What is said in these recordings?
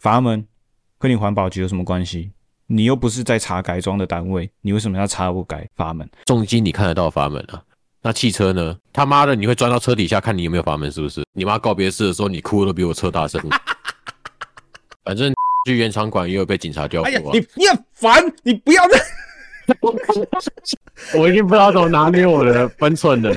閥門跟你環保局有什麼關係？你又不是在查改裝的單位，你為什麼要查我改閥門？重機你看得到閥門啊？那汽車呢？他媽的，你會鑽到車底下看你有沒有閥門是不是？你媽告別式的時候你哭都比我車大聲。 反正去原廠管也有被警察調苦啊！你你很煩，你不要再，你不要 我已經不知道怎麼拿捏我的分寸了。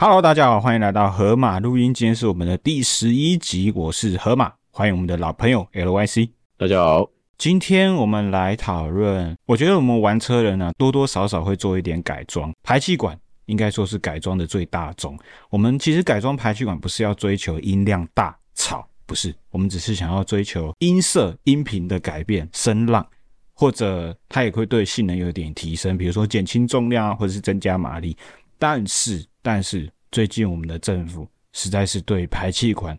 哈嘍，大家好，歡迎來到河馬錄音。今天是我們的第十一集，我是河馬，歡迎我們的老朋友 LYC。大家好，今天我們來討論。我覺得我們玩車人呢、啊，多多少少會做一點改裝，排氣管應該說是改裝的最大宗。我們其實改裝排氣管不是要追求音量大、吵，不是，我們只是想要追求音色、音頻的改變、聲浪，或者它也會對性能有一點提升，比如說減輕重量啊，或者是增加馬力，但是。但是最近我們的政府實在是對排氣管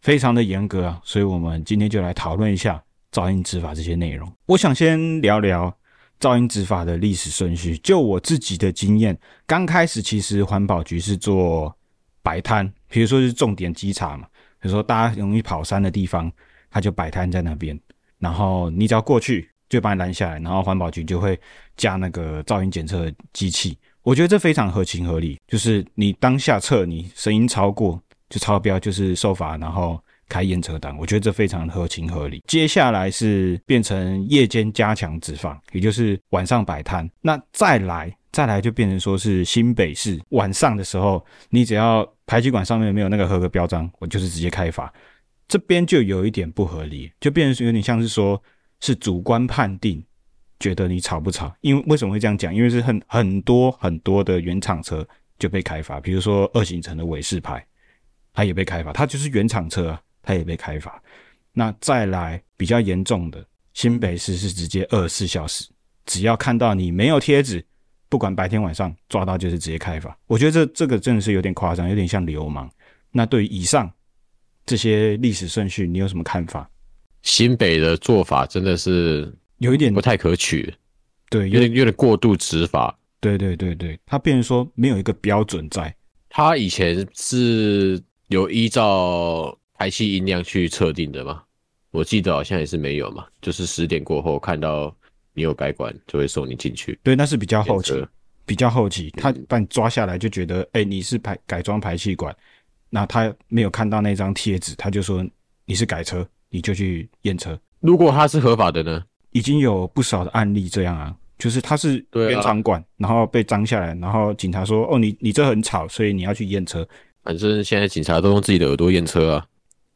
非常的嚴格啊，所以我們今天就來討論一下噪音執法這些內容。我想先聊聊噪音執法的歷史順序。就我自己的經驗，剛開始其實環保局是做擺攤，比如說是重點稽查嘛，比如說大家容易跑山的地方，他就擺攤在那邊，然後你只要過去，就把你攔下來，然後環保局就會加那個噪音檢測機器。我覺得這非常合情合理，就是你當下測你聲音超過就超標，就是受罰，然後開驗車單。我覺得這非常合情合理。接下來是變成夜間加強執法，也就是晚上擺攤。那再來再來就變成說是新北市晚上的時候，你只要排氣管上面沒有那個合格標章，我就是直接開罰。這邊就有一點不合理，就變成有點像是說是主觀判定。覺得你吵不吵？因為為什麼會這樣講？因為是很很多很多的原廠車就被開罰，比如說二行程的偉士牌，它也被開罰，它就是原廠車，啊，它也被開罰。那再來比較嚴重的，新北市是直接二十四小時，只要看到你沒有貼紙，不管白天晚上抓到，就是直接開罰。我覺得這這個真的是有點誇張，有點像流氓。那對於以上這些歷史順序，你有什麼看法？新北的做法真的是。有一點不太可取，對，有點有點過度執法。對對對對，他變成說沒有一個標準在。他以前是有依照排氣音量去測定的嘛？我記得好像也是沒有嘛，就是十點過後看到你有改管，就會送你進去。對，那是比較後期，比較後期，他把你抓下來就覺得，哎、嗯欸，你是改排改裝排氣管，那他沒有看到那張貼紙，他就說你是改車，你就去驗車。如果他是合法的呢？已經有不少的案例這樣啊，就是他是原廠管、啊，然後被髒下來，然後警察說：“哦，你你這很吵，所以你要去驗車。”反正現在警察都用自己的耳朵驗車啊。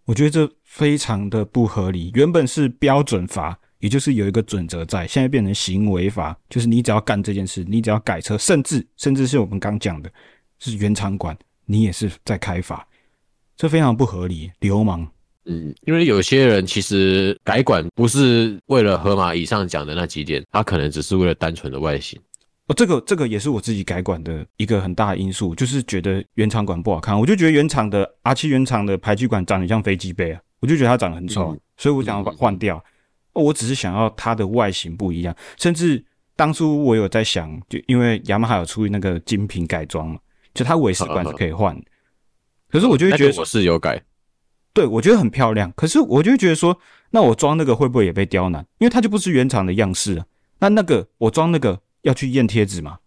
我覺得這非常的不合理。原本是標準罰，也就是有一個準則在，現在變成行為罰，就是你只要幹這件事，你只要改車，甚至甚至是我們剛講的，是原廠管，你也是在開罰。這非常不合理，流氓。嗯，因為有些人其實改管不是為了河馬以上講的那幾點，他可能只是為了單純的外形。哦，這個這個也是我自己改管的一個很大的因素，就是覺得原廠管不好看。我就覺得原廠的 R7 原廠的排氣管長得像飛機杯啊，我就覺得它長得很醜、嗯，所以我想要把它換掉、嗯哦。我只是想要它的外形不一樣。甚至當初我有在想，就因為雅馬哈有出那個精品改裝嘛，就它尾飾管是可以換。可是我就會覺得、哦、是我是有改。對，我覺得很漂亮。可是我就會覺得說，那我裝那個會不會也被刁難？因為它就不是原廠的樣式了、啊。那那個我裝那個要去驗貼紙嘛？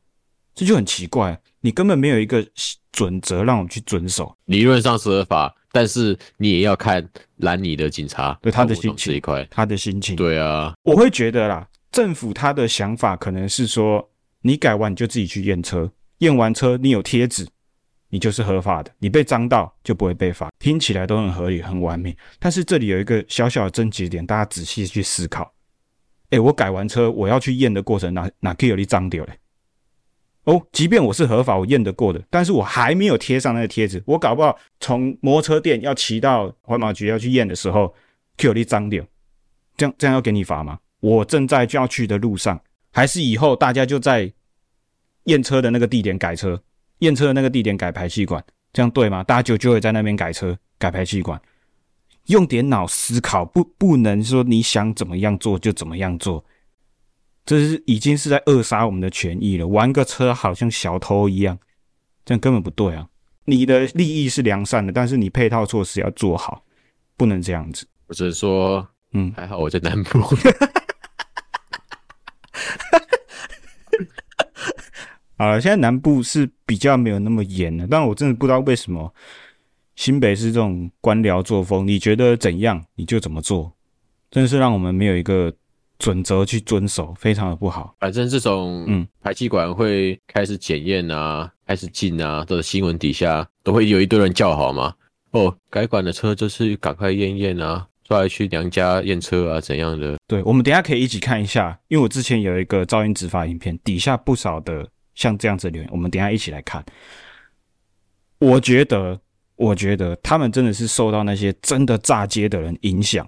這就很奇怪、啊。你根本沒有一個準則讓我們去遵守。理論上是合法，但是你也要看攔你的警察對他的心情這一塊，他的心情。對啊，我會覺得啦，政府他的想法可能是說，你改完你就自己去驗車，驗完車你有貼紙。你就是合法的，你被髒到就不會被罰，聽起來都很合理、很完美。但是這裡有一個小小的症結點，大家仔細去思考。哎、欸，我改完車，我要去驗的過程，哪哪可有你髒掉嘞？哦，即便我是合法，我驗得過的，但是我還沒有貼上那個貼紙，我搞不好從摩托車店要騎到環保局要去驗的時候可有你髒掉，這樣這樣要給你罰嗎？我正在就要去的路上，還是以後大家就在驗車的那個地點改車？驗車的那個地點改排氣管，這樣對嗎？大家就就會在那邊改車、改排氣管，用點腦思考，不不能說你想怎麼樣做就怎麼樣做，這是已經是在扼殺我們的權益了。玩個車好像小偷一樣，這樣根本不對啊！你的利益是良善的，但是你配套措施要做好，不能這樣子。我只是說，嗯，還好我在南部。 啊，現在南部是比較沒有那麼嚴的，但我真的不知道為什麼新北是這種官僚作風。你覺得怎樣你就怎麼做，真的是讓我們沒有一個準則去遵守，非常的不好。反正這種嗯排氣管會開始檢驗啊、嗯，開始進啊，這新聞底下都會有一堆人叫好嘛。哦，改管的車就是趕快驗驗啊，出來去娘家驗車啊怎樣的？對，我們等一下可以一起看一下，因為我之前有一個噪音執法影片，底下不少的，像這樣子留言，我們等一下一起來看。我覺得，我覺得他們真的是受到那些真的炸街的人影響，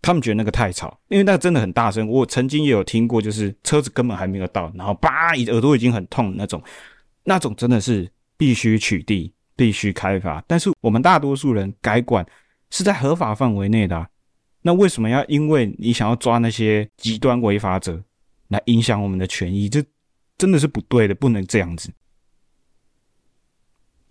他們覺得那個太吵，因為那個真的很大聲。我曾經也有聽過，就是車子根本還沒有到，然後叭，耳朵已經很痛那種，那種真的是必須取締，必須開罰。但是我們大多數人改管是在合法範圍內的、啊，那為什麼要因為你想要抓那些極端違法者來影響我們的權益？這？真的是不對的，不能這樣子。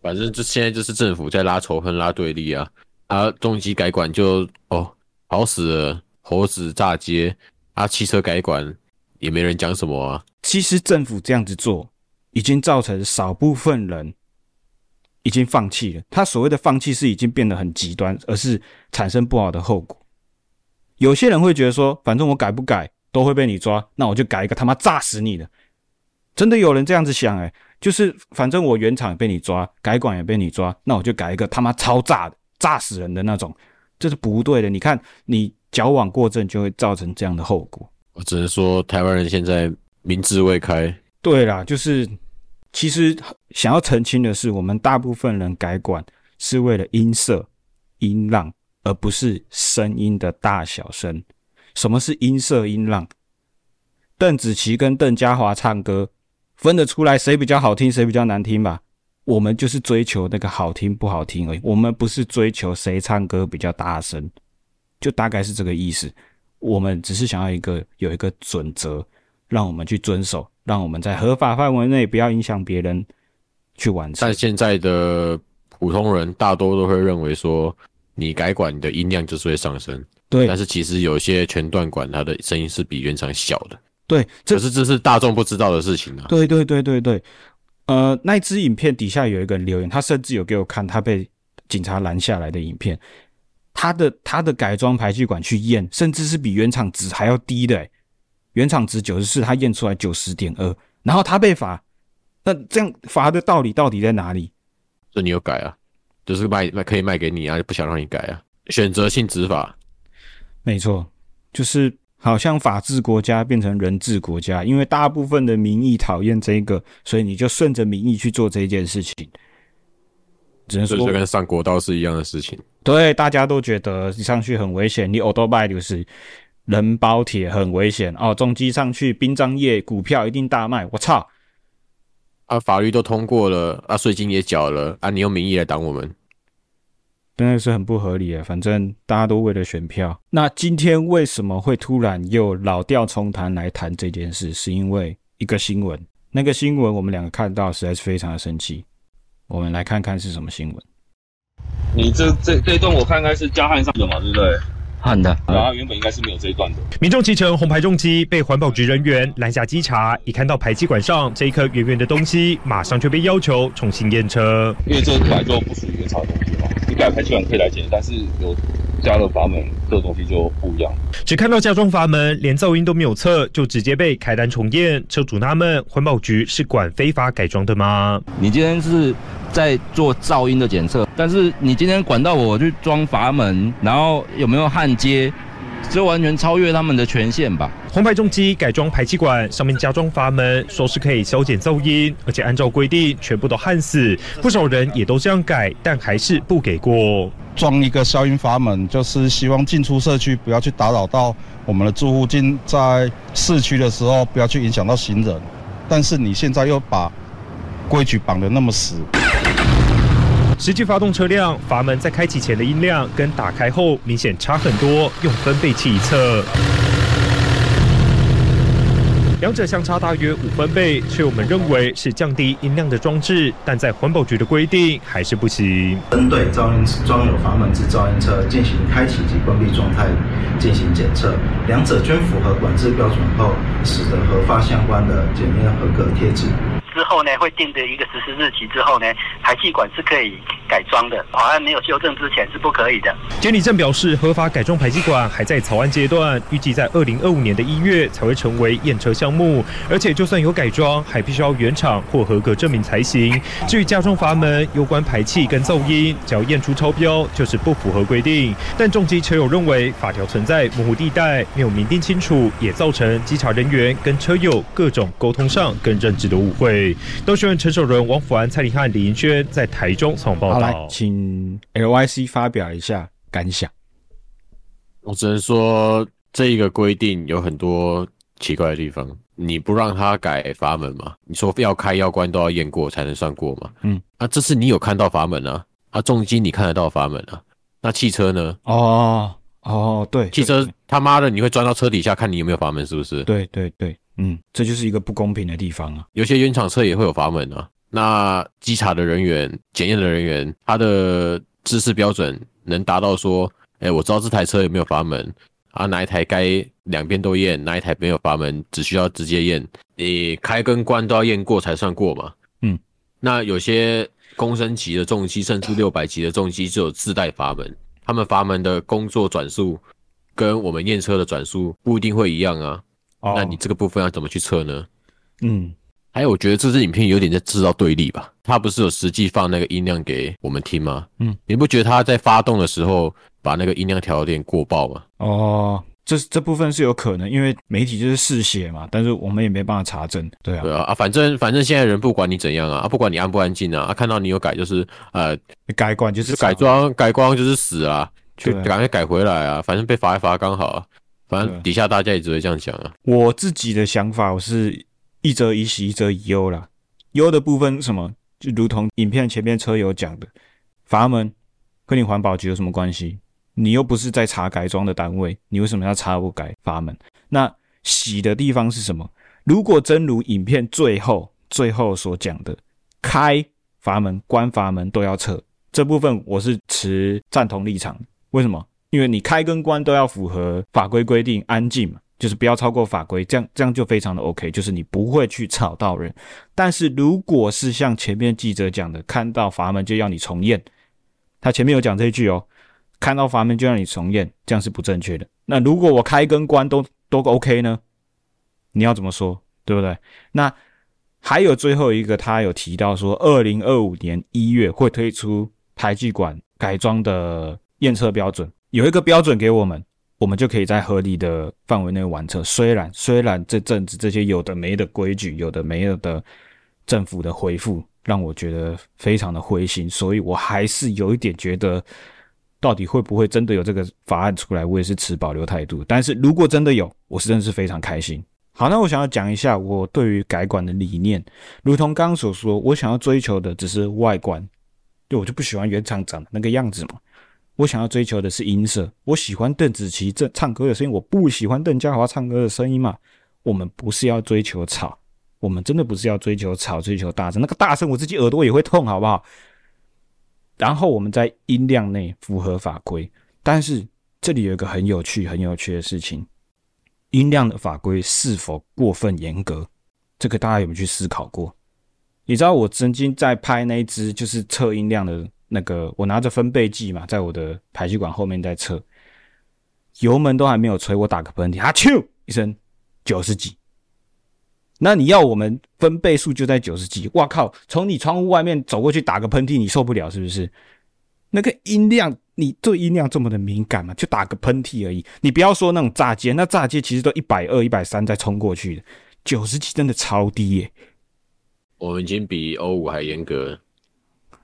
反正這現在就是政府在拉仇恨、拉對立啊！啊，重機改管就哦，好死猴子炸街啊，汽車改管也沒人講什麼啊。其實政府這樣子做，已經造成少部分人已經放棄了。他所謂的放棄是已經變得很極端，而是產生不好的後果。有些人會覺得說，反正我改不改都會被你抓，那我就改一個他媽炸死你的。真的有人這樣子想誒、欸，就是反正我原廠也被你抓，改管也被你抓，那我就改一個他媽超炸的、炸死人的那種，這是不對的。你看，你矯枉過正就會造成這樣的後果。我只能說，台灣人現在民智未開。對啦，就是其實想要澄清的是，我們大部分人改管是為了音色、音浪，而不是聲音的大小聲。什麼是音色、音浪？鄧紫棋跟鄧家華唱歌。分得出來誰比較好聽，誰比較難聽吧？我們就是追求那個好聽不好聽而已，我們不是追求誰唱歌比較大聲，就大概是這個意思。我們只是想要一個有一個準則，讓我們去遵守，讓我們在合法範圍內不要影響別人去完成。但現在的普通人大多都會認為說，你改管你的音量就是會上升。對，但是其實有些全段管它的聲音是比原廠小的。對，這可是這是大眾不知道的事情啊！對對對對對，呃，那一支影片底下有一個人留言，他甚至有給我看他被警察攔下來的影片，他的他的改裝排氣管去驗，甚至是比原廠值還要低的，原廠值九十四，他驗出來九十點二，然後他被罰，那這樣罰的道理到底在哪裡？這你有改啊？就是賣賣可以賣給你啊，就不想讓你改啊？選擇性執法？沒錯，就是。好像法治國家變成人治國家，因為大部分的民意討厭這個，所以你就順着民意去做這件事情。只能說，所以跟上國道是一樣的事情。對，大家都覺得你上去很危險，你歐兜拜就是人包鐵很危險哦，重機上去，殯葬業股票一定大賣。我操！啊，法律都通過了，啊，稅金也繳了，啊，你用民意來擋我們。真的是很不合理啊，反正大家都為了選票。那今天為什麼會突然又老調重彈來談這件事？是因為一個新聞，那個新聞我們兩個看到實在是非常的生氣。我們來看看是什麼新聞。你這這這一段我看看是加焊上的嘛，對不對？焊、嗯、的，然後原本應該是沒有這一段的。嗯、民眾騎乘紅牌重機，被環保局人員攔下稽查，一看到排氣管上這一顆圓圓的東西，馬上就被要求重新驗車。因為這台一百多不屬於超重。改排氣管可以來檢，但是有加了閥門這個東西就不一樣。只看到加裝閥門，連噪音都沒有測，就直接被開單重驗。車主納悶：環保局是管非法改裝的嗎？你今天是在做噪音的檢測，但是你今天管到我去裝閥門，然後有沒有焊接？這完全超越他們的權限吧！紅牌重機改裝排氣管，上面加裝閥門，說是可以消減噪音，而且按照規定全部都焊死。不少人也都這樣改，但還是不給過。裝一個消音閥門，就是希望進出社區不要去打擾到我們的住戶，進在市區的時候不要去影響到行人。但是你現在又把規矩綁得那麼死。實際發動車輛，閥門在開啟前的音量跟打開後明顯差很多。用分貝器一測，兩者相差大約五分貝，卻我們認為是降低音量的裝置，但在環保局的規定還是不行。針對噪音裝有閥門之噪音車進行開啟及關閉狀態進行檢測，兩者均符合管制標準後，使得核發相關的檢驗合格貼紙。之後呢，會定的一個實施日期。之後呢，排氣管是可以改裝的，法、啊、案沒有修正之前是不可以的。監理站表示，合法改裝排氣管還在草案階段，預計在二零二五年的一月才會成為驗車項目。而且，就算有改裝，還必須要原廠或合格證明才行。至於加裝閥門，攸關排氣跟噪音，只要驗出超標，就是不符合規定。但重機車友認為，法條存在模糊地帶，沒有明定清楚，也造成稽查人員跟車友各種溝通上跟認知的誤會。都學員陳守仁、王福安、蔡林漢、李盈軒在台中送報道，來請 L.Y.C 發表一下感想。我只能說，這一個規定有很多奇怪的地方。你不讓他改閥門嘛？你說要開要關都要驗過才能算過嘛？嗯，啊，這次你有看到閥門啊？啊，重機你看得到閥門啊？那汽車呢？哦哦，對，汽車他媽的你會鑽到車底下看你有沒有閥門，是不是？對對對。嗯，這就是一個不公平的地方啊！有些原廠車也會有閥門啊。那稽查的人員、檢驗的人員，他的知識標準能達到說，哎，我知道這台車有沒有閥門啊？哪一台該兩邊都驗，哪一台沒有閥門，只需要直接驗。你開跟關都要驗過才算過嘛？嗯，那有些公升級的重機，甚至六百級的重機，就有自帶閥門。他們閥門的工作轉速跟我們驗車的轉速不一定會一樣啊。哦，那你這個部分要怎麼去測呢？嗯，還有，哎，我覺得這支影片有點在製造對立吧？他不是有實際放那個音量給我們聽嗎？嗯，你不覺得他在發動的時候把那個音量調有點過爆嗎？哦，這這部分是有可能，因為媒體就是嗜血嘛，但是我們也沒辦法查證。對啊，對啊，啊，反正反正現在人不管你怎樣啊，啊，不管你安不安靜啊，啊，看到你有改就是呃，改光就是改裝，改光就是死啊，去趕快改回來啊，啊，反正被罰一罰剛好啊。反正底下大家也只會這樣講啊。我自己的想法，我是一則以喜，一則以憂啦。憂的部分什麼？就如同影片前面車友講的，閥門跟你環保局有什麼關係？你又不是在查改裝的單位，你為什麼要查我改閥門？那喜的地方是什麼？如果真如影片最後最後所講的，開閥門、關閥門都要測，這部分我是持贊同立場。為什麼？因為你開跟關都要符合法規規定，安靜嘛，就是不要超過法規，這樣這樣就非常的 OK，就是你不會去吵到人。但是如果是像前面記者講的，看到閥門就要你重驗，他前面有講這一句哦，看到閥門就讓你重驗，這樣是不正確的。那如果我開跟關都都 OK 呢，你要怎麼說，對不對？那還有最後一個，他有提到說，二零二五年一月會推出排氣管改裝的驗車標準。有一個標準給我們，我們就可以在合理的範圍內完成。雖然雖然這陣子這些有的沒的規矩，有的沒有的政府的回復，讓我覺得非常的灰心。所以我還是有一點覺得，到底會不會真的有這個法案出來，我也是持保留態度。但是如果真的有，我是真的是非常開心。好，那我想要講一下我對於改管的理念，如同剛剛所說，我想要追求的只是外觀，就我就不喜歡原廠長的那個樣子嘛。我想要追求的是音色，我喜歡鄧紫棋這唱歌的聲音，我不喜歡鄧佳華唱歌的聲音嘛。我們不是要追求吵，我們真的不是要追求吵，追求大聲，那個大聲我自己耳朵也會痛，好不好？然後我們在音量內符合法規，但是這裡有一個很有趣、很有趣的事情，音量的法規是否過分嚴格？這個大家有沒有去思考過？你知道我曾經在拍那一支就是測音量的。那個，我拿着分貝計嘛，在我的排氣管後面在測，油門都還沒有催，我打個噴嚏，啊啾一聲，九十幾。那你要我們分貝數就在九十幾，哇靠！從你窗戶外面走過去打個噴嚏，你受不了是不是？那個音量，你對音量這麼的敏感嘛，就打個噴嚏而已，你不要說那種炸街，那炸街其實都一百二、一百三再衝過去的，九十幾真的超低耶、欸。我們已經比歐五還嚴格。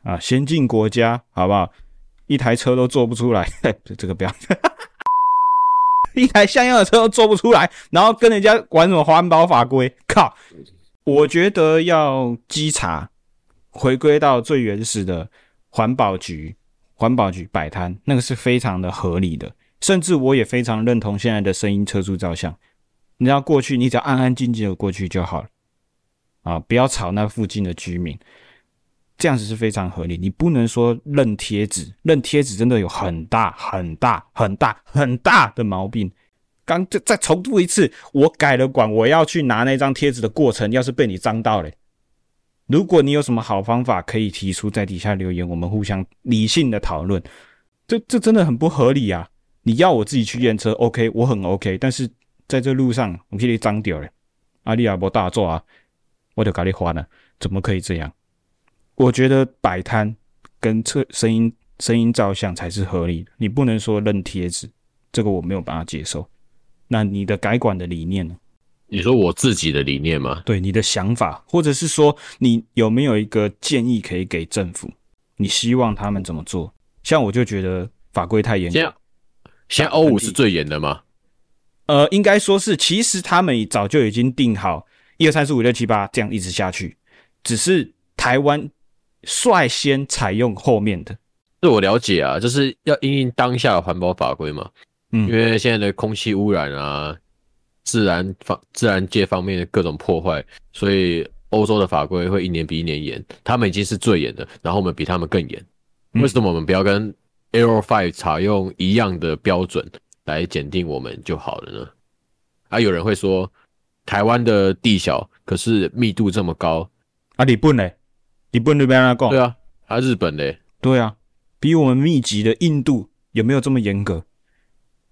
啊，先進國家好不好？一台車都做不出來，哎，這個不要， 一台像樣的車都做不出來，然後跟人家玩什麼環保法規？靠！我覺得要稽查，回歸到最原始的環保局，環保局擺攤，那個是非常的合理的。甚至我也非常認同現在的聲音車速照相。你要過去，你只要安安靜靜的過去就好了，啊，不要吵那附近的居民。這樣子是非常合理，你不能說認貼紙，認貼紙真的有很大很大很大很大的毛病。剛再再重複一次，我改了管，我要去拿那張貼紙的過程，要是被你髒到了，如果你有什麼好方法可以提出，在底下留言，我們互相理性的討論。這這真的很不合理啊！你要我自己去驗車，OK，我很 OK，但是在這路上，我給你髒掉了，啊，你也不大作啊，我就給你換了，怎麼可以這樣？我覺得擺攤跟測聲音、聲音照相才是合理的，你不能說認貼紙，這個我沒有辦法接受。那你的改管的理念呢？你說我自己的理念嗎？對你的想法，或者是說你有沒有一個建議可以給政府？你希望他們怎麼做？像我就覺得法規太嚴。現在歐五是最嚴的嗎？呃，應該說是，其實他們早就已經定好一二三四五六七八，這樣一直下去，只是台灣。率先採用後面的，這我了解啊，就是要因應當下的環保法規嘛。嗯，因為現在的空氣污染啊，自然方自然界方面的各種破壞，所以歐洲的法規會一年比一年嚴，他們已經是最嚴的，然後我們比他們更嚴、嗯。為什麼我們不要跟 Euro Five 採用一樣的標準來檢定我們就好了呢？啊，有人會說，台灣的地小，可是密度這麼高，啊，日本呢？你不能那邊拉，對啊，還是日本嘞？對啊，比我們密集的印度有沒有這麼嚴格？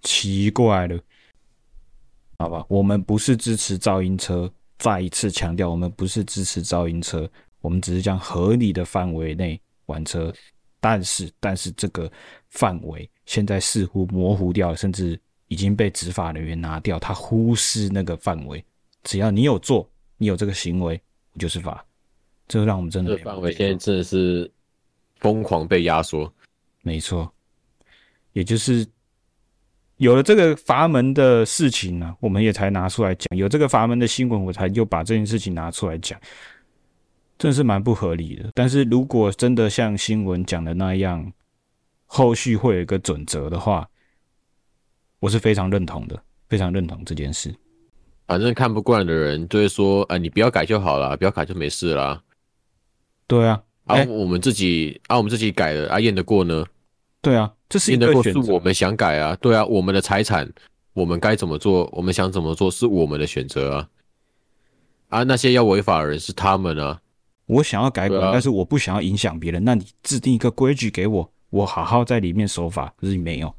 奇怪了，好吧，我們不是支持噪音車。再一次強調，我們不是支持噪音車，我們只是將合理的範圍內玩車。但是，但是這個範圍現在似乎模糊掉，甚至已經被執法人員拿掉。他忽視那個範圍，只要你有做，你有這個行為，我就是罰。這讓我們真的範圍現在真的是瘋狂被壓縮，沒錯，也就是有了這個閥門的事情呢、啊，我們也才拿出來講。有這個閥門的新聞，我才又把這件事情拿出來講，真的是蠻不合理的。但是如果真的像新聞講的那樣，後續會有一個準則的話，我是非常認同的，非常認同這件事。反正看不慣的人就會說：“啊、呃，你不要改就好了，不要改就沒事了。”對啊，欸、啊我們自己啊我們自己改了，啊驗得過呢？對啊，這是驗得過，是我們想改啊。對啊，我們的財產，我們該怎麼做，我們想怎麼做，是我們的選擇啊。啊，那些要違法的人是他們啊。我想要改管，啊、但是我不想要影響別人。那你制定一個規矩給我，我好好在裡面守法。可是你沒有，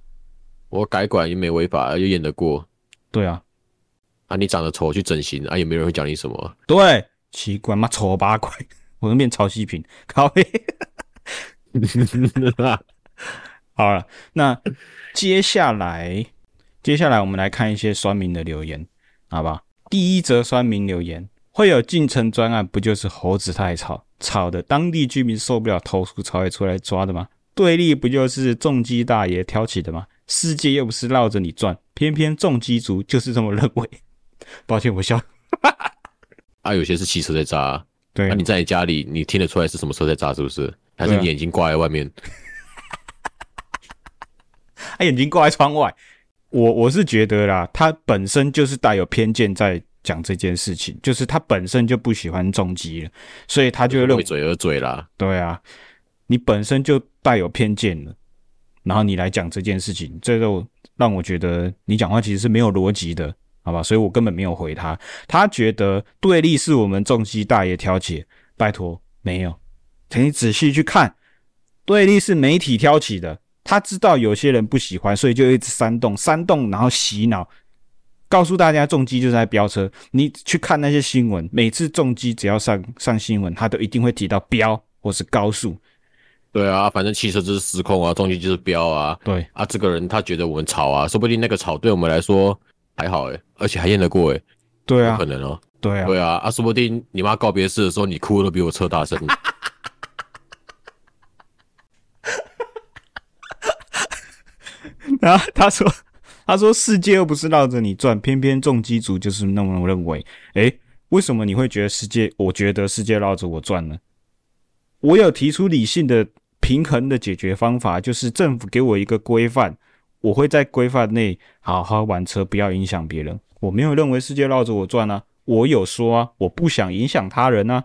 我改管又沒違法，啊、又驗得過。對啊，啊，你長得醜去整形，啊，也沒人會講你什麼？對，奇怪嗎？醜八怪。我能變潮汐屏，咖啡。 好了，那接下來，接下來我們來看一些酸民的留言，好吧？第一則酸民留言：會有進城專案，不就是猴子太吵，吵的當地居民受不了投，投訴才會出來抓的嗎？對立不就是重機大爺挑起的嗎？世界又不是繞着你轉，偏偏重機族就是這麼認為。抱歉，我笑。 啊，有些是汽車在炸、啊。那、啊啊、你在你家裡，你聽得出來是什麼時候在炸，是不是？啊、還是你眼睛掛在外面？ 他眼睛掛在窗外。我我是覺得啦，他本身就是帶有偏見在講這件事情，就是他本身就不喜歡重機了，所以他就為嘴而嘴啦，對啊，你本身就帶有偏見了，然後你來講這件事情，這個讓我覺得你講話其實是沒有邏輯的。好吧，所以我根本沒有回他。他覺得對立是我們重機大爺挑起，拜託，沒有，請你仔細去看，對立是媒體挑起的。他知道有些人不喜歡，所以就一直煽動、煽動，然後洗腦，告訴大家重機就是在飆車。你去看那些新聞，每次重機只要上上新聞，他都一定會提到飆或是高速。對啊，反正汽車就是失控啊，重機就是飆啊。對啊，這個人他覺得我們吵啊，說不定那個吵對我們來說。還好哎、欸，而且還驗得過哎、欸，對啊，不可能哦、喔，對啊，對啊，啊說不定你媽告別式的時候你哭都比我扯大聲。 然後他說：“他說世界又不是繞着你轉，偏偏重機族就是那麼認為。哎、欸，為什麼你會覺得世界？我覺得世界繞着我轉呢？我有提出理性的平衡的解決方法，就是政府給我一個規範。”我會在規範內好好玩車，不要影響別人。我沒有認為世界繞着我轉啊，我有說啊，我不想影響他人啊，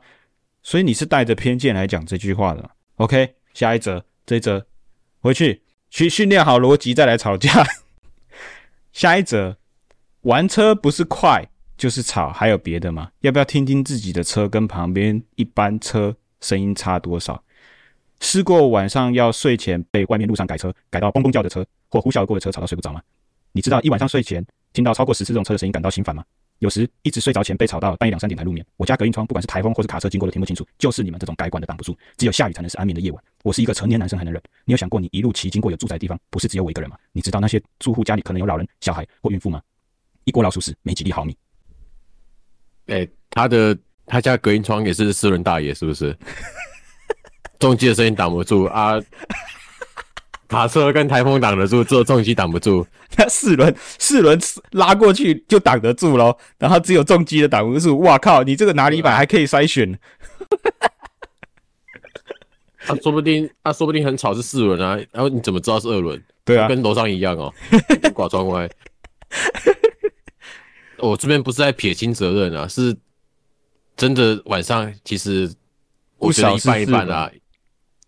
所以你是帶着偏見來講這句話的。OK，下一則，這一則，回去，去訓，訓練好邏輯再來吵架。 下一則，玩車不是快就是吵，還有別的嗎？要不要聽聽自己的車跟旁邊一般車聲音差多少？試過晚上要睡前被外面路上改車改到嘣嘣叫的車或呼嘯而過的車吵到睡不着嗎？你知道一晚上睡前聽到超過十次這種車的聲音感到心煩嗎？有時一直睡着前被吵到半夜兩三點才入眠。我家隔音窗不管是颱風或是卡車經過都聽不清楚，就是你們這種改管的擋不住，只有下雨才能是安眠的夜晚。我是一個成年男生還能忍，你有想過你一路騎經過有住宅的地方不是只有我一個人嗎？你知道那些住戶家裡可能有老人、小孩或孕婦嗎？一鍋老鼠屎沒幾粒好米。誒、欸，他的他家隔音窗也是四輪大爺是不是？ 重機的聲音擋不住啊！卡車跟台風擋得住，只有重機擋不住。那四輪四輪拉過去就擋得住嘍。然後只有重機的擋不住。哇靠！你這個哪裡擺還可以篩選？啊， 啊，說不定啊，說不定很吵是四輪啊，然、啊、後你怎麼知道是二輪？對啊，跟樓上一樣哦、喔，刮窗歪。 我這邊不是在撇清責任啊，是真的晚上其實我覺得一半一半啊。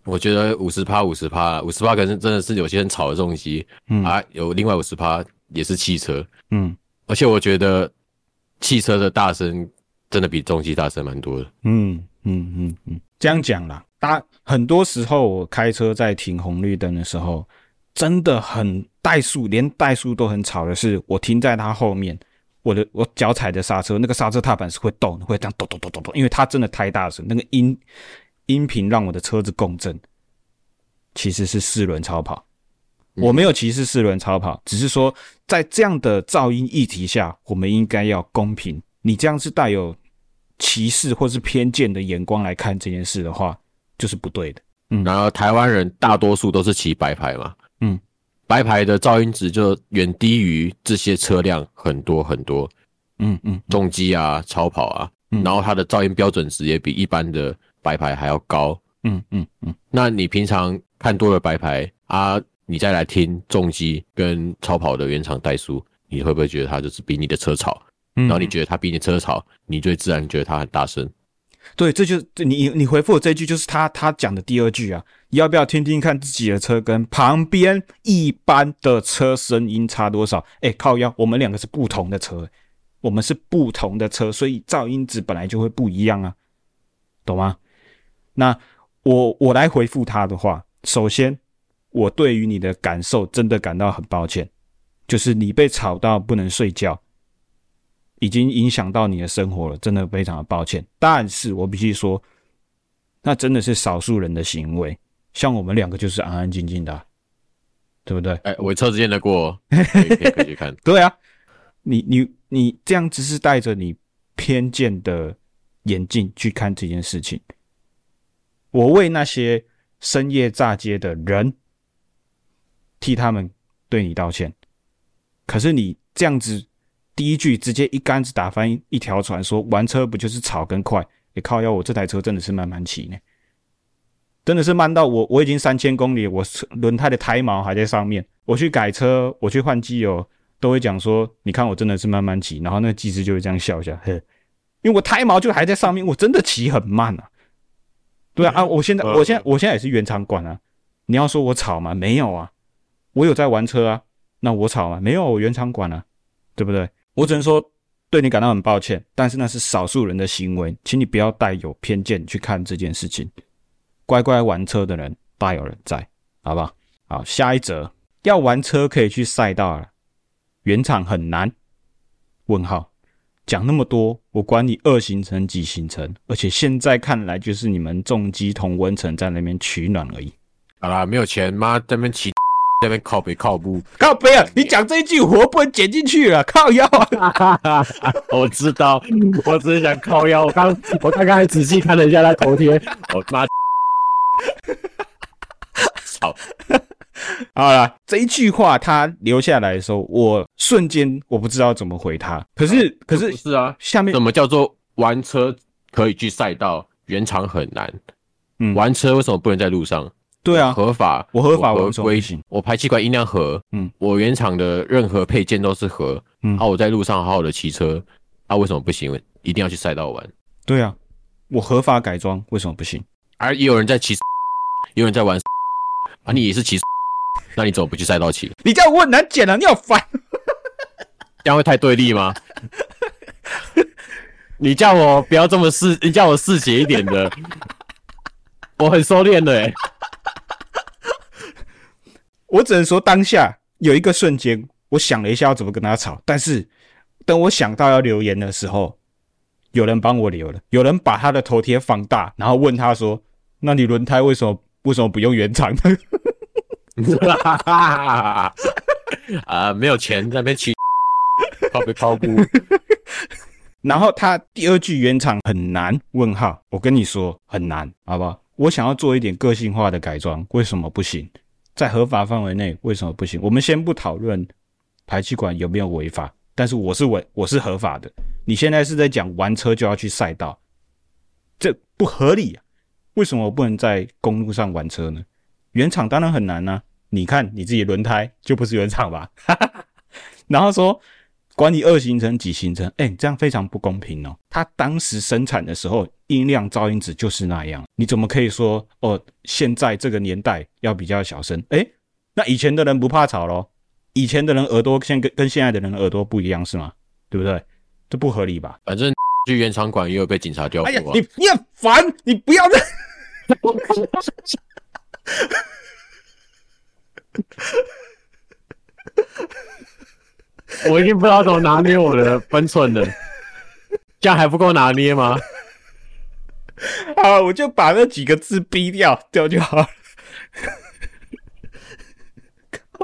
我覺得五十趴、五十趴、五十趴，可能真的是有些人吵的重機、啊，嗯啊，有另外五十趴也是汽車，嗯，而且我覺得汽車的大聲真的比重機大聲蠻多的嗯，嗯嗯嗯嗯，這樣講啦，大很多時候我開車在停紅綠燈的時候，真的很怠速，連怠速都很吵的是，我停在它後面，我的我腳踩着剎車，那個剎車踏板是會動，會這樣咚咚咚咚咚，因為它真的太大聲，那個音。音頻讓我的車子共振，其實是四輪超跑，嗯。我沒有歧視四輪超跑，只是說在這樣的噪音議題下，我們應該要公平。你這樣是帶有歧視或是偏見的眼光來看這件事的話，就是不對的。嗯，然後台灣人大多數都是騎白牌嘛，嗯，白牌的噪音值就遠低於這些車輛很多很多，嗯嗯，重機啊、超跑啊、嗯，然後它的噪音標準值也比一般的。白牌還要高，嗯嗯嗯。那你平常看多了白牌啊，你再來聽重機跟超跑的原廠怠速，你會不會覺得它就是比你的車吵？嗯、然後你覺得它比你的車吵，你就自然覺得它很大聲。對，這就是、你你回復我這句就是他他講的第二句啊，你要不要聽聽看自己的車跟旁邊一般的車聲音差多少？哎、欸，靠腰，我們兩個是不同的車，我們是不同的車，所以噪音值本來就會不一樣啊，懂嗎？那我我來回復他的話，首先，我對於你的感受真的感到很抱歉，就是你被吵到不能睡覺，已經影響到你的生活了，真的非常的抱歉。但是我必須說，那真的是少數人的行為，像我們兩個就是安安靜靜的、啊，對不對？哎、欸，我車子見得過，可以，可以，可以看。 對啊，你你你這樣只是帶着你偏見的眼鏡去看這件事情。我為那些深夜炸街的人替他們對你道歉，可是你這樣子第一句直接一竿子打翻一條船，說玩車不就是吵跟快？你靠腰，我這台車真的是慢慢騎呢，真的是慢到我我已經三千公里，我輪胎的胎毛還在上面。我去改車，我去換機油，都會講說你看我真的是慢慢騎，然後那個技師就會這樣笑一下，呵，因為我胎毛就還在上面，我真的騎很慢啊。對啊，啊我現在，我現在，在我現在也是原廠管啊。你要說我吵嗎？沒有啊，我有在玩車啊。那我吵嗎？沒有，我原廠管啊，對不對？我只能說對你感到很抱歉，但是那是少數人的行為，請你不要帶有偏見去看這件事情。乖乖玩車的人大有人在，好不好？好，下一則，要玩車可以去賽道了，原廠很難。問號。講那麼多，我管你二行程幾行程，而且現在看來就是你們重機同溫層在那邊取暖而已。好啦，沒有錢媽這邊起這邊靠北靠不靠北，靠北啊？你講這一句，我不能剪進去了，靠腰啊！ 我知道，我只是想靠腰。我剛，我剛剛還仔細看了一下他頭貼，我媽，操！好了，這一句話他留下來的時候，我瞬間我不知道怎麼回他。可是，啊、可是是啊，下面什麼叫做玩車可以去賽道，原廠很難。嗯，玩車為什麼不能在路上？對啊，合法，我合法我什麼我排氣管音量合，嗯，我原廠的任何配件都是合，嗯，啊，我在路上好好的騎車，啊，為什麼不行？一定要去賽道玩？對啊，我合法改裝為什麼不行？而有人在騎，有人在, X2, 有人在玩 X2,、嗯，啊，你也是騎。那你怎麼不去賽道騎？你叫我問難解了、啊，你好煩。這樣會太對立嗎？ 你叫我不要這麼嗜，你叫我嗜血一點的， 我很收斂的、欸。我只能說，當下有一個瞬間，我想了一下要怎麼跟他吵，但是等我想到要留言的時候，有人幫我留了，有人把他的頭貼放大，然後問他說：“那你輪胎為什麼為什麼不用原廠的？” 哈哈哈，啊，沒有錢那邊去，怕被拋布。然後他第二句原廠很難？問號？我跟你說很難，好不好？我想要做一點個性化的改裝，為什麼不行？在合法範圍內，為什麼不行？我們先不討論排氣管有沒有違法，但是我是我，我是合法的。你現在是在講玩車就要去賽道，這不合理啊？為什麼我不能在公路上玩車呢？原廠當然很難吶、啊，你看你自己輪胎就不是原廠吧？ 然後說，管你二行程幾行程，哎、欸，這樣非常不公平哦。他當時生產的時候音量噪音值就是那樣，你怎麼可以說哦？現在這個年代要比較小聲？哎、欸，那以前的人不怕吵咯，以前的人耳朵現跟跟現在的人耳朵不一樣是嗎？對不對？這不合理吧？反正去原廠管也有被警察吊過、啊。哎，你你很煩，你不要這。 我已經不知道，怎麼拿捏我的分寸了，這樣還不夠拿捏嗎？啊， 我就把那幾個字逼掉掉就好了。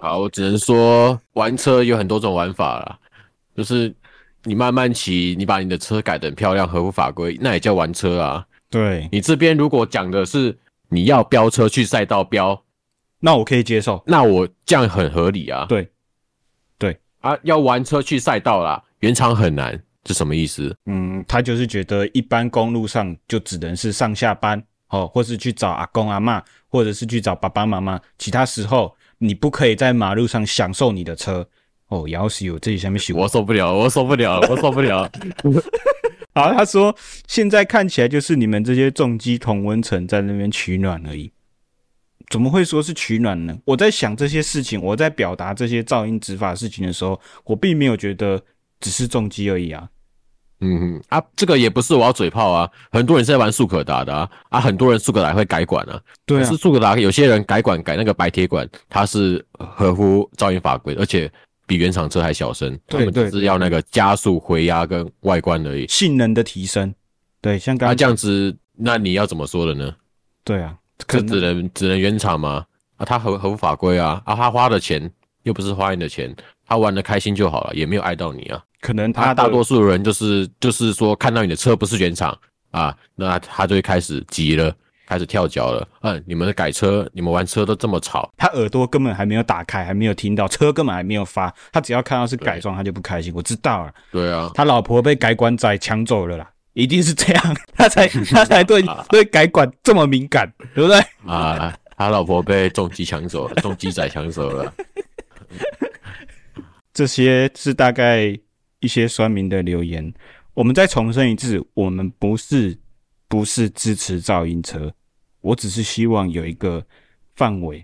好，我只能說玩車有很多種玩法了，就是你慢慢騎，你把你的車改得很漂亮，合乎法規，那也叫玩車啊。對，你這邊如果講的是。你要飆車去賽道飆，那我可以接受。那我這樣很合理啊？對，對啊，要玩車去賽道啦、啊。原廠很難，是什麼意思？嗯，他就是覺得一般公路上就只能是上下班哦，或是去找阿公阿嬤，或者是去找爸爸媽媽。其他時候你不可以在馬路上享受你的車哦。然後是有這些什麼喜歡我受不了，我受不了，我受不了。 好，他說現在看起來就是你們這些重機同溫層在那邊取暖而已，怎麼會說是取暖呢？我在想這些事情，我在表達這些噪音執法事情的時候，我並沒有覺得只是重機而已啊。嗯哼，啊，這個也不是我要嘴炮啊，很多人是在玩速可達的啊，啊，很多人速可達會改管啊，對啊，是速可達，有些人改管改那個白鐵管，它是合乎噪音法規，而且。比原廠車還小聲，他們只是要那個加速回壓跟外觀而已，性能的提升。對，像剛剛、啊、這樣子，那你要怎麼說的呢？對啊，可只能只能原廠嗎？啊，他合合法規啊，啊，他花的錢又不是花你的錢，他玩的開心就好了，也沒有礙到你啊。可能他、啊、大多數的人就是就是說看到你的車不是原廠啊，那他就會開始急了。開始跳腳了，嗯，你們的改車，你們玩車都這麼吵，他耳朵根本還沒有打開，還沒有聽到，車根本還沒有發，他只要看到是改裝，他就不開心。我知道了，對啊，他老婆被改管仔搶走了啦，一定是這樣，他才 他才對、啊、對改管這麼敏感，對不對？啊，他老婆被重機搶走，重機仔搶走了。 走了 這些是大概一些酸民的留言，我們再重申一次，我們不是不是支持噪音車，我只是希望有一個範圍，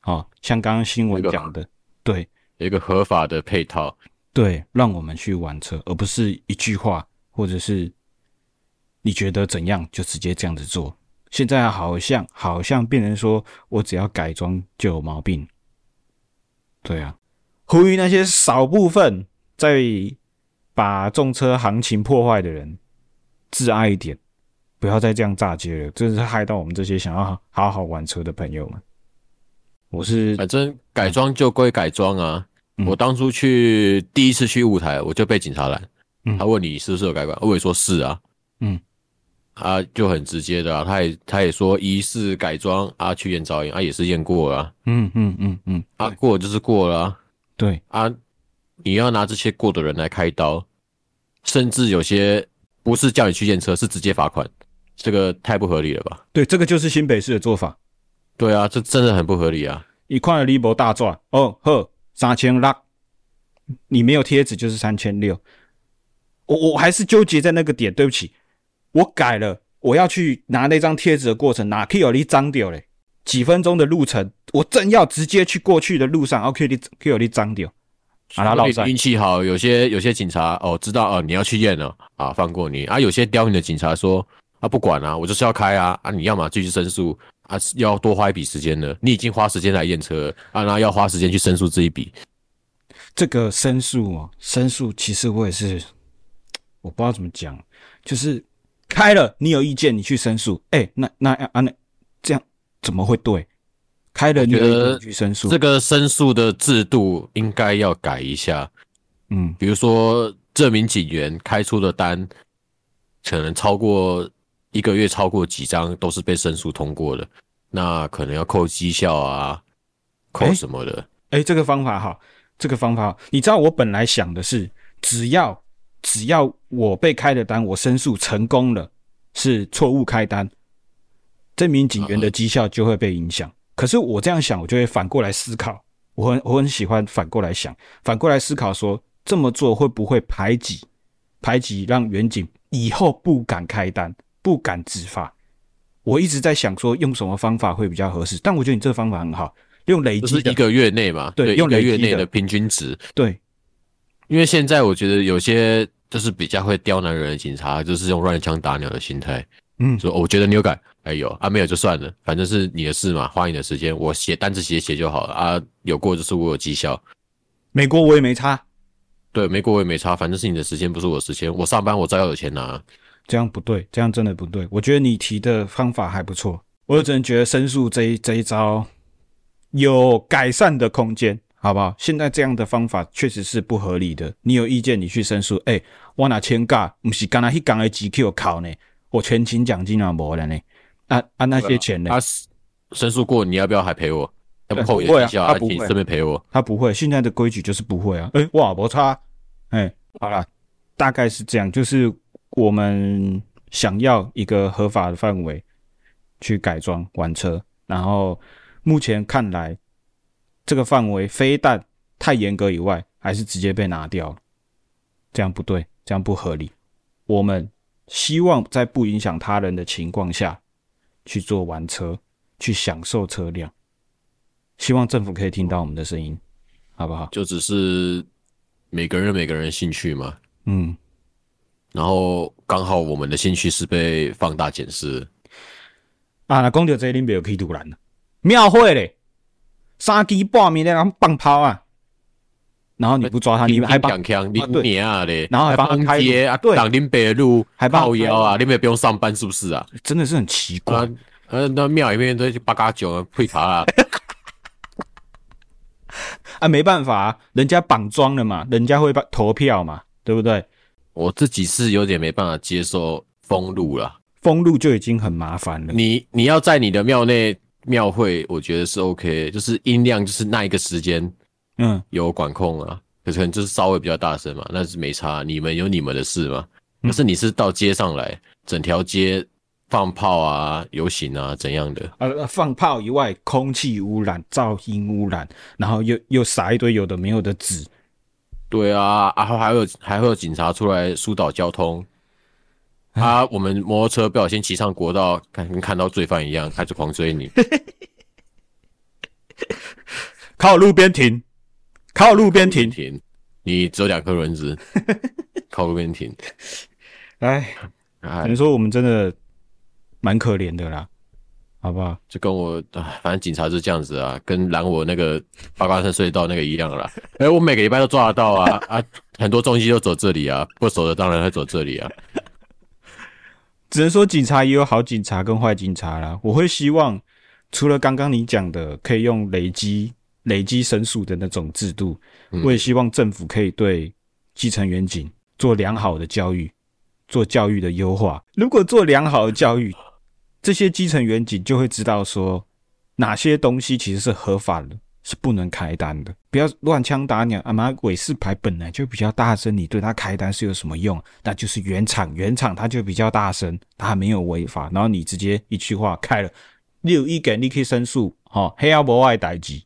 啊、哦，像剛剛新聞講的，對，有一個合法的配套對，對，讓我們去玩車，而不是一句話，或者是你覺得怎樣就直接這樣子做。現在好像好像變成說，我只要改裝就有毛病。對啊，呼籲那些少部分在把重車行情破壞的人，自愛一點！不要再這樣炸街了，真是害到我們這些想要好好玩車的朋友們。我是反正改裝就歸改裝啊、嗯。我當初去第一次去霧台，我就被警察攔、嗯。他問你是不是有改裝，我也說是啊。嗯，啊就很直接的啊，他也他也說疑似改裝啊，去驗噪音啊也是驗過了、啊。嗯嗯嗯嗯，啊過了就是過了、啊。對啊，你要拿這些過的人來開刀，甚至有些不是叫你去驗車，是直接罰款。這個太不合理了吧？對，這個就是新北市的做法。對啊，這真的很不合理啊！一塊立博大賺，哦呵，三千六，3600，你沒有貼紙就是三千六。我我還是糾結在那個點。對不起，我改了，我要去拿那張貼紙的過程，哪可以有你髒掉嘞？幾分鐘的路程，我正要直接去過去的路上，ok，可以可以有你髒掉。啊，老運氣好，有些有些警察哦知道哦你要去驗了啊，放過你啊。有些刁民的警察說。啊，不管啊，我就是要開啊！啊，你要麼繼續申訴啊，要多花一筆時間了，你已經花時間來驗車了啊，那要花時間去申訴這一筆。這個申訴哦、啊，申訴其實我也是，我不知道怎麼講，就是開了你有意見你去申訴。哎、欸，那那啊那這樣怎麼會對？開了你得你去申訴，這個申訴的制度應該要改一下。嗯，比如說這名警員開出的單可能超過。一個月超過幾張都是被申訴通過的，那可能要扣績效啊，扣什麼的。誒、欸欸、這個方法好，這個方法好。你知道我本來想的是，只要只要我被開的單，我申訴成功了，是錯誤開單，這名警員的績效就會被影響。啊、可是我這樣想，我就會反過來思考。我很我很喜歡反過來想，反過來思考說，說這麼做會不會排擠排擠讓員警以後不敢開單？不敢執法，我一直在想說用什麼方法會比較合適，但我覺得你這個方法很好，用累積一個月內嘛，對，對，用累積，一個月內的平均值，對，因為現在我覺得有些就是比較會刁難人的警察，就是用亂槍打鳥的心態，嗯，說、哦、我覺得你有改，哎有啊沒有就算了，反正是你的事嘛，花你的時間，我寫單子寫寫就好了啊，有過就是我有績效，沒過我也沒差，對，沒過我也沒差，反正是你的時間不是我的時間，我上班我照樣有錢拿、啊。這樣不對，這樣真的不對。我覺得你提的方法還不錯，我只能覺得申訴這一這一招有改善的空間，好不好？現在這樣的方法確實是不合理的。你有意見，你去申訴。哎、欸，我拿錢幹，不是幹了一幹二級 Q 考呢，我全勤獎金啊沒了呢。啊啊，那些錢呢、啊啊？申訴過，你要不要還賠我要、啊？他不會啊，他不會，順便賠我。他不會，現在的規矩就是不會啊。哎、欸，哇，不差、啊。哎、欸，好了，大概是這樣，就是。我們想要一個合法的範圍去改裝玩車，然後目前看來，這個範圍非但太嚴格以外，還是直接被拿掉了。這樣不對，這樣不合理。我們希望在不影響他人的情況下去做玩車，去享受車輛。希望政府可以聽到我們的聲音，oh. 好不好？就只是每個人每個人的興趣嘛。嗯。然後剛好我們的興趣是被放大檢視啊！那講到這裡面有去堵攔了，廟會嘞，三更半夜的，然後放炮啊，然後你不抓他，你還強強、啊，你啊對啊嘞，然後還幫攻擊啊，對，擋林北路、啊、還靠邀啊，你們也不用上班是不是啊？真的是很奇怪，呃、啊啊，那廟裡面都八嘎九啊，喝茶啊， 啊，沒辦法、啊，人家綁樁了嘛，人家會把投票嘛，對不對？我自己是有點沒辦法接受封路啦，封路就已經很麻煩了。你你要在你的廟內廟會，我覺得是 OK，就是音量就是那一個時間，嗯，有管控啊，嗯、可是可能就是稍微比較大聲嘛，那是沒差。你們有你們的事嘛，可是你是到街上來，整條街放炮啊、遊行啊怎樣的？呃、嗯啊，放炮以外，空氣汙染、噪音污染，然後又又撒一堆有的沒有的紙。對啊，然後，啊，還有還會有警察出來疏導交通。啊，我們摩托車不小心騎上國道，跟看到罪犯一樣，開始狂追你。 靠路邊停，靠路邊停路邊停，你只有兩顆輪子，靠路邊停。哎 等於說我們真的蠻可憐的啦。好吧好，就跟我，反正警察是這樣子啊，跟攔我那個八卦山隧道那個一樣了啦。哎、欸，我每個禮拜都抓得到啊 啊，很多重機都走這裡啊，不守的當然會走這裡啊。只能說警察也有好警察跟壞警察啦。我會希望，除了剛剛你講的，可以用累積累積申訴的那種制度、嗯，我也希望政府可以對基層員警做良好的教育，做教育的優化。如果做良好的教育， 這些基層員警就會知道說，哪些東西其實是合法的，是不能開單的。不要亂槍打鳥。阿媽鬼視牌本來就比較大聲，你對他開單是有什麼用？那就是原廠，原廠它就比較大聲，它還沒有違法。然後你直接一句話開了，六一，給你，有意見你可以申訴。吼、哦，黑阿伯外代機，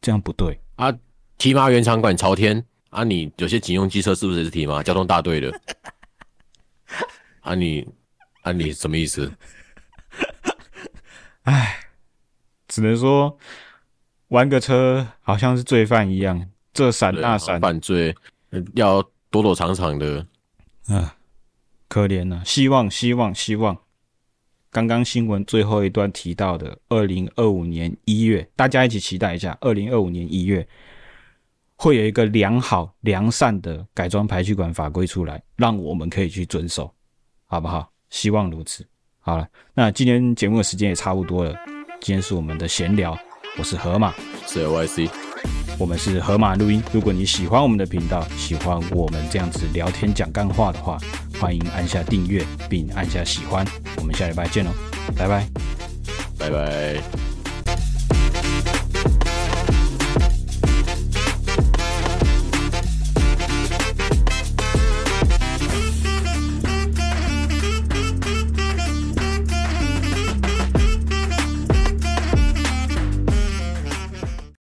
這樣不對。啊，提拔原廠管朝天。啊，你有些警用機車是不是也是提摩交通大隊的？ 啊你，啊你什麼意思？ 唉，只能說玩個車好像是罪犯一樣，這閃那閃，犯罪要躲躲藏藏的。嗯，可憐了，啊，希望希望希望，剛剛新聞最後一段提到的二零二五年一月，大家一起期待一下，二零二五年一月會有一個良好良善的改裝排氣管法規出來，讓我們可以去遵守，好不好？希望如此。好了，那今天節目的時間也差不多了。今天是我們的閒聊，我是河馬，是 LYC，我們是河馬錄音。如果你喜歡我們的頻道，喜歡我們這樣子聊天講乾話的話，歡迎按下訂閱並按下喜歡。我們下禮拜見哦，拜拜，拜拜。